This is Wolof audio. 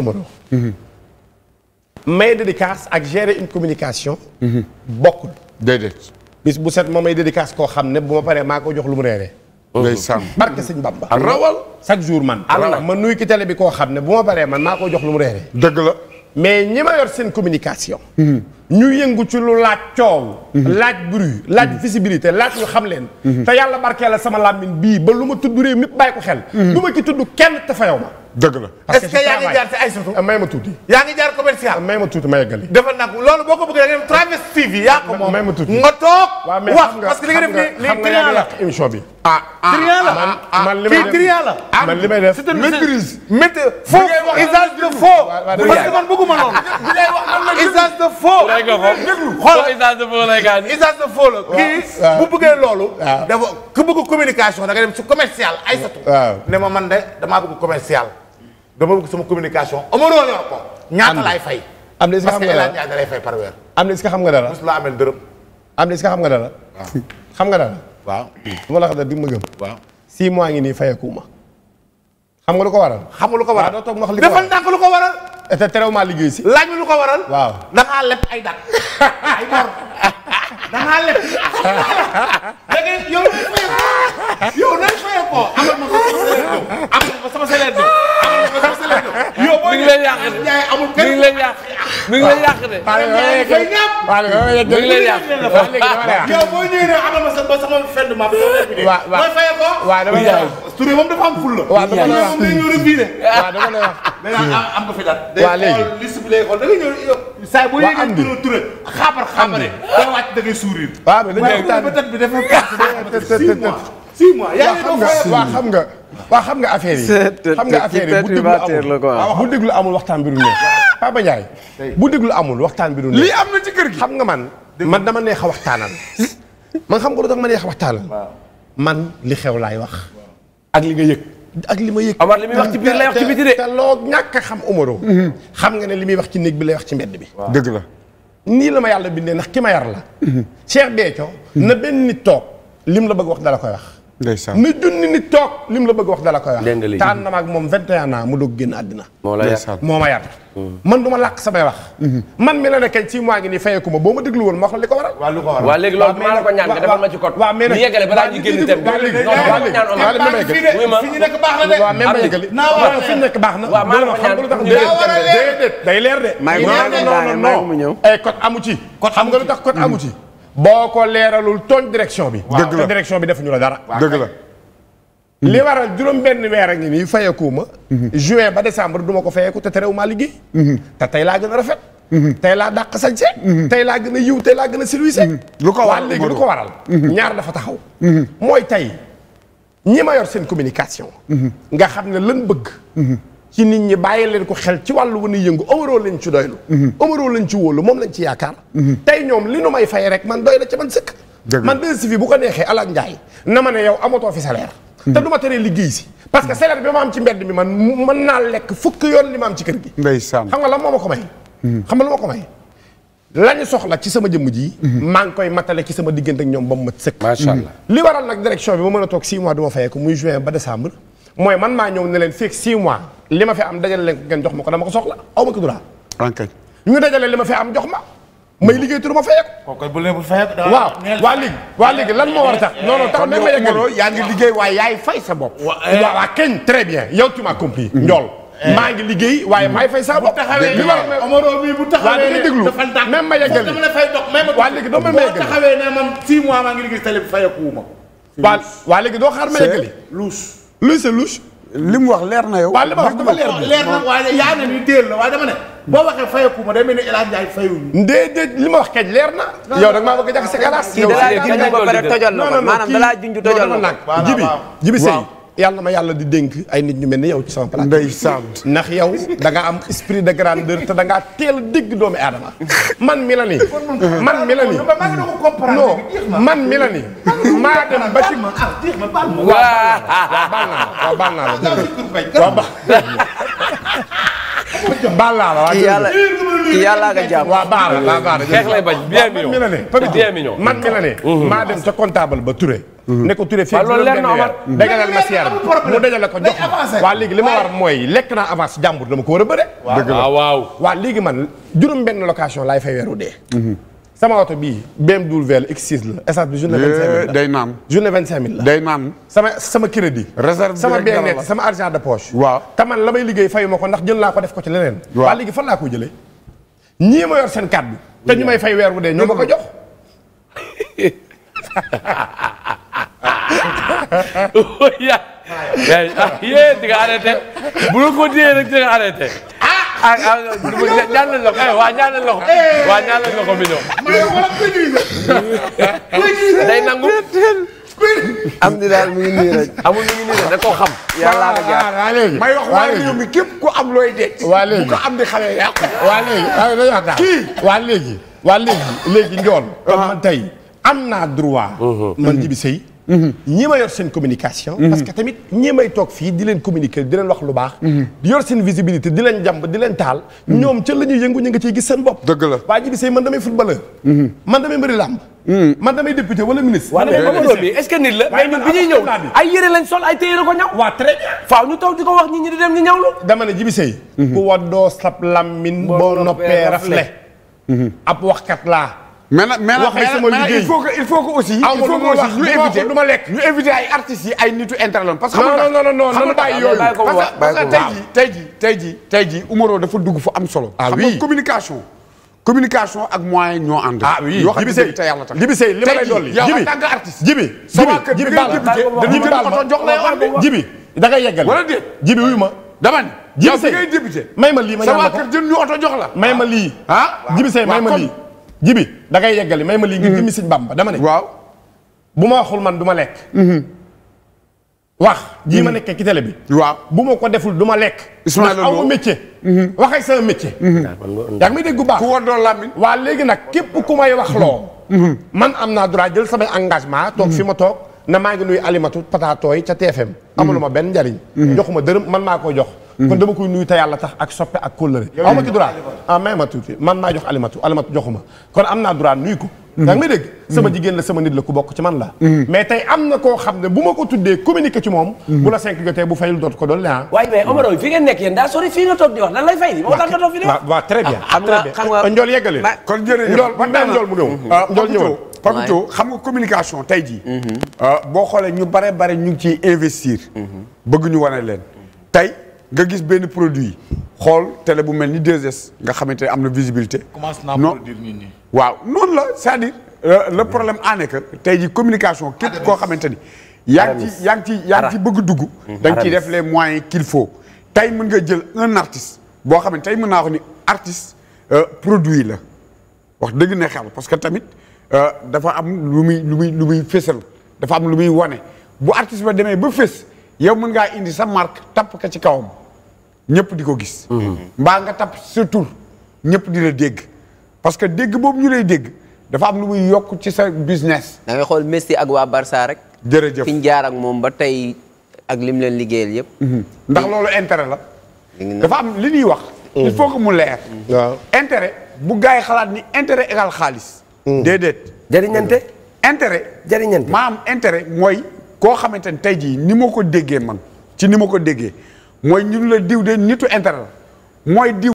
Omaro mhm. may dédicace ak gérer une communication mhm. bokkul déedéet bis bu set ma may dédicace koo xam ne bu ma paree maa koo jox lu mu reeree oh. day sàmm barke sëñ Bamba rawal chaque jour man allah ma nuy ki télé bi koo xam ne bu ma paree man maa koo jox lu mu reeree dëgg la mais ñi ma yor seen communication mhm. ñu yëngu ci lu laaj coow laaj bruit laaj visibilité laaj ñu xam leen te yàlla barkee la sama làmmiñ bii ba lu ma tudd réew mi bàyyi ko xel du ma ci tudd kenn te fayow dëgg la est-ce que yaa ngi jaar ci Aïssatou may ma tuuti yaa ngi jaar commercial may ma tuuti ma yeggali dafa nag loolu boo ko bëggee da nga dem Traverse TV yaa ko moom may ma tuuti nga toog wax parce que li nga def ni li trian la émission bi ah, ah trian ah, ah. la man li may def trian la man li may def maîtrise mété faux usage de faux parce que man bëgguma noonu usage de faux xool usage de faux lay gaan usage de faux la kii bu bëggee loolu dafa ku bëgg communication da nga dem ci commercial Aïssatou ne ma man de damaa bëgg commercial dama bëgg sama communication amaroo yor ko. ñaata laay fay. am na est-ce que xam nga dara parce lay fay am na est-ce que xam nga dara. mos la amel dërëm. am na est-ce xam nga dara. xam nga dara. waaw. bu ma la xam di ngi nii fayeeku nga lu ko waral. xam nga lu ko waral waaw doo toog wax li ko waral defal ndànk liggéey si. laaj ko waral. waaw da ay dàq. ay mor da ngaa leb. yow. yow lay yàq mi ngi lay yàq de. waaw léegi lay yàq waaw léegi dama lay yàq. yow boo ñëwee ne Adama sa ba sama fenn ma. waaw waaw mooy fayee ko. waaw dama lay wax Touré moom dafa am ful la. waaw dama lay wax moom day ñëw rek bii de. waaw dama lay wax. am nga fi daal. waaw léegi day liste bi lay xool da ngay ñëw saa boo yëgee Touré Touré xaabar xaabare. da wàcc da ngay sourire. waaw mais dañu lay tànn waaye bu dee ba tët bi dafa six mois yaa waa xam nga. waa xam nga affaire yi. nga affaire yi bu déglu amul bu déglu amul waxtaan bi du neex. Papa Ndiaye bu déglu amul waxtaan bi du neex. am ci kër xam nga man. man dama neex a waxtaanal. xam nga lu tax ma neex a man li xew laay wax. ak li nga yëg. li ma yëg. Omar li wax ci biir lay loo ñàkk xam Omaro. Mm-hmm. xam nga ne li muy wax ci néeg bi lay wax ci mbedd bi. dëgg la. nii la ma yàlla bindee ndax ki ma yar la. Mm-hmm. Cheikh Béthio. Mm-hmm. na benn nit toog lim la bëgg wax dala koy wax. ndeysaan na junni nit toog lim la bëgg wax dala koy wax. dégg na ma ak moom 21 ans mu doog génn àddina. moo la yar moo mm. man du ma làkk samay wax. Mm-hmm. man mi la ne kañ ngi nii fayeku ma boo ma déglu woon ma wax la li ko waral. waaw li ko ma ci code. waaw mais nag ñu yeggale balaa ñu génn itam. waaw léegi fi ñu na de. waaw même yëgali naa war a na. waaw maa ko a leer déedéet day leer de. maa ngi mu ñëw ay eh, code amu ci. code boo ko leeralul tooñ direction bi. dëgg la direction bi defuñu la dara. dëgg la. li waral juróom benn weer a ngi nii fayeeku ma. Mhm. juin ba décembre duma ma ko fayeeku te terew maa liggéey. Mhm. te tey laa gën a rafet. Mhm. tey laa dàq sañse tey laa gën a yiw tey laa gën a silwise lu ko waral léegi lu ko waral ñaar dafa taxaw mooy tey ñi ma seen communication nga xam ne lan bëgg ci nit ñi bàyyi leen ko xel ci wàllu wan a yëngu Omaro lañ ci doylu mhm. Omaro lañ ci wóolu moom lañ ci yaakaar mhm. tey ñoom li nu may fay rek man doy na man sëkk man de si fi bu ko neexee alak njaay na ma ne yow amatoo fi salaire mhm. du ma liggéey si parce que salaire bi ma am ci mbedd mi man mën naa lekk fukk yoon li ma am kër gi ndeysaan xam nga la moo ma ko may xam nga lu ma ko may lañu soxla ci sama jëmm ji maa ngi koy matale ci sama diggante ak ñoom ba mu mat sëkk li waral nag direction bi ma mën a toog six mois du ma fayee ko muy juin ba décembre mooy man maa ñëw ne leen fekk six mois li ma fi am dajale leen ko ngeen jox ma ko ko soxla aw ko dura. ok ñu dajale li ma fi am jox ma. may mm. liggéey turu ma fayeeku. kooku bu leen bu fayeeku. waaw waa léegi waa lan moo war a tax. non non ma yeggali yaa liggéey waaye yaay fay sa bopp. wa waaw eh. kenn très bien yow tu m'as compris. Mm. Eh. maa ngi liggéey waaye maay fay sa war a Omaro mi bu taxawee déglu même ma yeggali foofu dama la fay dox même ma. waa léegi doo ma yeggali boo taxawee ne man 6 mois maa ngi ma. waa luus luus c'est luus li mu wax leer na yow. waaw li ma wax dama leer leer na waaye yaa ne ni déel la waaye dama ne. boo waxee fayaku ma ni El Hadj Ndiaye fayuñu. déedéet li ma wax kañ leer na. yow nag maa bëgg a jaxase kalaas. yow da na junj tojal la ko maanaam da laa junj tojal la ko. jibi jibi yàlla ma yàlla di dénk ay nit ñu mel ni yow ci sama place. ndeysaan ndax yow danga am esprit de grandeur te da teel a dégg doomi aadama man mi la ni man maa dem ba ci. waaw baal naa la waaw baal naa la jërëjëf waaw ba. baal naa la waaw jërëjëf. ba Touré. Mhm. ne ko Touré fii ak loolu leer na Omar dajalal ma siyaar mu dajale ko jox waaw léegi li ma war mooy lekk naa avance jàmbur dama ko war a bëre waaw ah, léegi man juróom benn location laay fay weeru dee mhm. sama oto bii BMW x la essence bi journée la eh, day naan journée vingt cinq mille la day naan sama sama crédit réserve sama bien-être sama argent de poche waaw te man la may liggéey fayu ma ko ndax jël naa ko def ko ci leneen waaw léegi fan laa ko jëlee ñii ma yor seen carte bi te ñu may fay weer wu dee ñoo ma ko jox yaa yéen di nga waa ñaanal loxo waa am xam. yàlla la man tey am naa droit. man Djiby Sèye. Mm-hmm. ñi ma yor seen communication. Mm-hmm. parce que tamit ñi may toog fii di leen communiquer di leen wax lu baax. Mm-hmm. di yor seen visibilité di leen jàmb di leen taal. ñoom ca la yëngu ñu nga ciy gis seen bopp. dëgg la waa ji bi sey man damay footballeur. man damay mbëri làmb. man damay député wala ministre. waaw loolu est-ce que nit la mais ñun bi ñuy ñëw ay yére lañ sol ay téere ko ñaw. waaw très bien. ñu taw di ko wax nit ñi di dem ñu ñawlu. dama ne jibi ku waddoo sab lammin. maintenant il faut que il faut que aussi. il faut yi ay nitu interland parce non non non bàyyi yooyu parce que tey jii tey jii tey jii tey jii Umaro dafa dugg fu am solo. ah oui communication. communication ak moyen ñoo ànd. ah oui Jibi Seye Jibi li ma lay dolli. yow en tant qu'artiste. Jibi Jibi ma Jibi Baal ma Jibi da ngay yeggal. Jibi wuyu ma dama Jibi Seye kër jënd ñu oto jox la. may ma lii. ah Jibi Seye may ma lii da ngay yeggali may ma lii ngir mhm. jëmmi sëñ Bamba dama ne. waaw bu ma waxul man du mhm. ma lekk. wax jii ma nekkee ci télé bi. waaw bu ma ko deful du ma lekk. Ismaël Lo aw ma métier. Mhm. wax ak sama métier. yaa ngi may dégg bu baax waa léegi nag képp ku may wax loo. man am naa droit jël samay engagement toog fi ma toog. na maa ngi nuyu alimatu pataatooy ca TFM. ma benn njariñ. joxuma dërëm man maa ko jox. Mm-hmm. kon dama koy nuyu te yàlla tax ak soppe ak kóllëre aw ma ci droit ah may ma tuuti man maa jox alimatu alimatu joxuma kon am naa droit nuyu ko daa mm-hmm. may dégg mm-hmm. sama jigéen la sama nit la ku bokk ci man la mais tey am na koo xam ne bu ma ko tuddee communiqué ci moom bu la cinq jotee bu fayul dootu ko doon la ah waaye mais njool ah, ah, yeggale kon njool man daan njool mu ñëw ah, njool ñëwal boo xoolee ñu bare bare ngi ciy investir bëgg ñu wane leen tey nga gis benn produit xool tele bu mel ni 2S nga xamante ne am na visibilité. commence naa produire nit ñi waaw noonu la c'est-à-dire problème en tey jii communication képp koo xamante ni. yaa ngi ci yaa ngi ci yaa ngi bëgg dugg. da nga ciy def les moyens qu'il faut. tey mën nga jël un artiste boo xam ne tey mën naa wax ni artiste euh, produit la wax dëgg ne xel parce que tamit euh, dafa am lu muy lu muy lu muy fésal dafa am lu muy wane bu artiste ba demee ba fés yow mën ngaa indi sa marque tapp ka ci kawam. ñëpp di ko gis. mbaa nga tap surtout tur ñëpp di la dégg parce que dégg boobu ñu lay dégg dafa am lu muy yokk ci sa business. da ngay xool Messi ak waa Barça rek. jërëjëf fi ñu jaar ak moom ba tey ak lim leen liggéeyal yëpp. Mhm. ndax loolu intérêt la. dafa am li ñuy wax. Mhm. il faut que mu leer. Mhm. waaw bu gars yi xalaat ni intérêt égal xaalis. déedéet. jëriñante intérêt. jëriñante maam intérêt mooy koo xamante ne tey jii ni ma ko déggee man ci ni ma ko déggee. mooy ñu la diw de nitu intérêt la mooy di